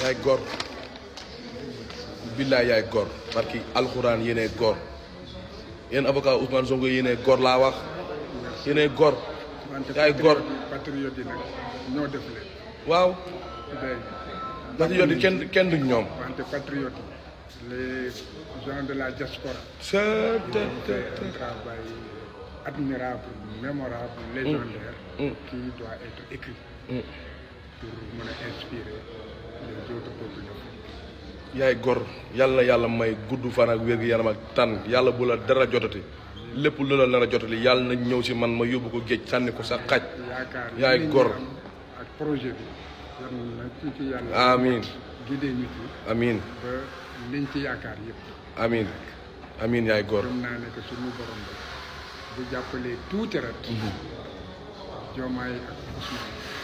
yaay góor billaay yaay góor barki alxuraan yéenay góor yéen avocat Ousmane Sonko yéenay góor laa wax yéenay góor. yaay góor kenn kenn duñ ñoom. wante yaay gor yàlla yàlla may gudd fan ak wér gi yaram ak tànn yàlla bu la dara jotati lépp lu la nar a yàlla na ñëw si man ma yóbbu ko géej sànni ko sa xaj. yaay gor ak projet bi. amiin amiin ci yaakaar yëpp. amiin amiin yaay góor. gëm naa